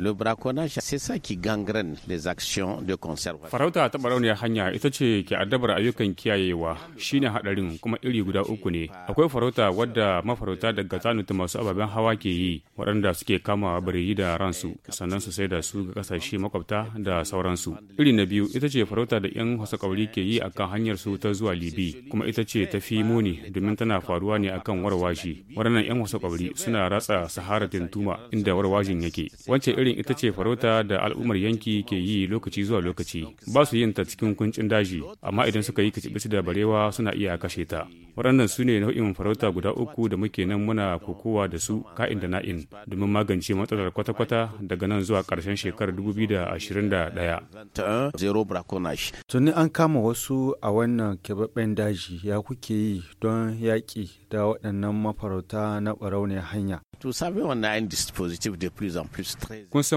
Le braconnage, de conservation. Farauta ta barauniyar hanya ita ce ke addabar ayyukan kiyayewa shine hadarin kuma iri guda uku ne. Akwai farauta wadda mafarauta daga tsanuta masu ababen hawa ke yi waɗanda suke kama birayi da ransu sannan su sai da su ga kasashe makwabta da sauransu. Iri na biyu ita ce farauta da 'yan wasu hasakauri ke yi akan hanyar su ta zuwa Libi kuma ita ce ta fi muni domin tana faruwa ne akan warwashi. Waɗannan 'yan wasu hasakauri suna ratsa Sahara tuntuma inda warwashin yake. Wancan iri irin ita ce farauta da al'ummar yanki ke yi lokaci zuwa lokaci ba su yin ta cikin kuncin daji amma idan suka yi kicibici da barewa suna iya kashe ta waɗannan su ne nau'in farauta guda uku da muke nan muna kokowa da su ka'in da na'in domin magance matsalar kwata-kwata daga nan zuwa ƙarshen shekarar 2021 tuni an kama wasu a wannan keɓaɓɓen daji ya kuke yi don yaƙi da waɗannan mafarauta na ɓarauniyar hanya Kun san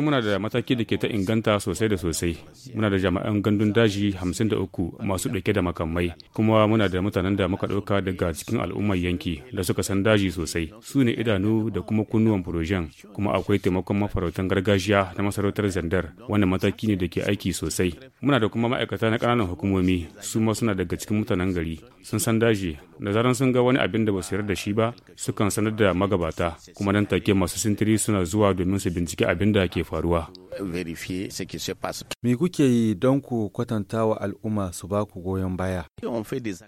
muna da mataki da ke ta inganta sosai da sosai. Muna da jami'an gandun daji 53 masu ɗauke da makamai, kuma muna da mutanen da muka ɗauka daga cikin al'ummar yanki da suka san daji sosai. Su ne idanu da kuma kunnuwan furojen, kuma akwai taimakon mafarautan gargajiya na masarautar Zandar, wannan mataki ne da ke aiki sosai. Muna da kuma ma'aikata na ƙananan hukumomi, su ma suna daga cikin mutanen gari. sun san daji da zaran sun ga wani abin da ba su yarda da shi ba sukan sanar da magabata kuma nan take masu sintiri suna zuwa domin su binciki abin da ke faruwa verifier ce qui se passe. Me kuke yi don ku kwatanta wa al'umma su ba ku goyon baya?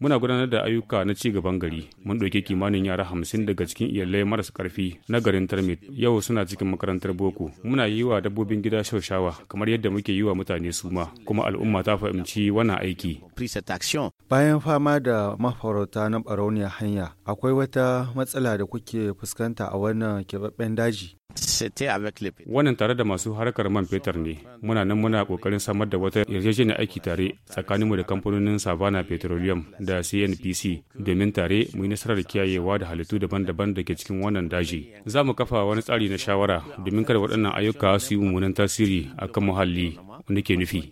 Muna gudanar da ayyuka na ci gaban gari. Mun ɗauki kimanin yara hamsin daga cikin iyalai marasa ƙarfi na garin Tarmit. Yau suna cikin makarantar boko. Muna yi wa dabbobin gida shaushawa kamar yadda muke yi wa mutane suma. Kuma al'umma ta fahimci wannan aiki. Bayan fama da mafarauta na barauniya hanya, akwai wata matsala da kuke fuskanta a wannan keɓaɓɓen daji? Wannan tare da masu harkar man fetur ne, muna nan muna kokarin samar da wata yarjejeniyar aiki tare tsakaninmu da kamfanonin Savannah Petroleum da CNPC domin tare mu yi nasarar kiyayewa da halittu daban-daban da ke cikin wannan daji. Za mu kafa wani tsari na shawara domin kada waɗannan ayyuka su yi mummunan tasiri akan muhalli wanda ke nufi.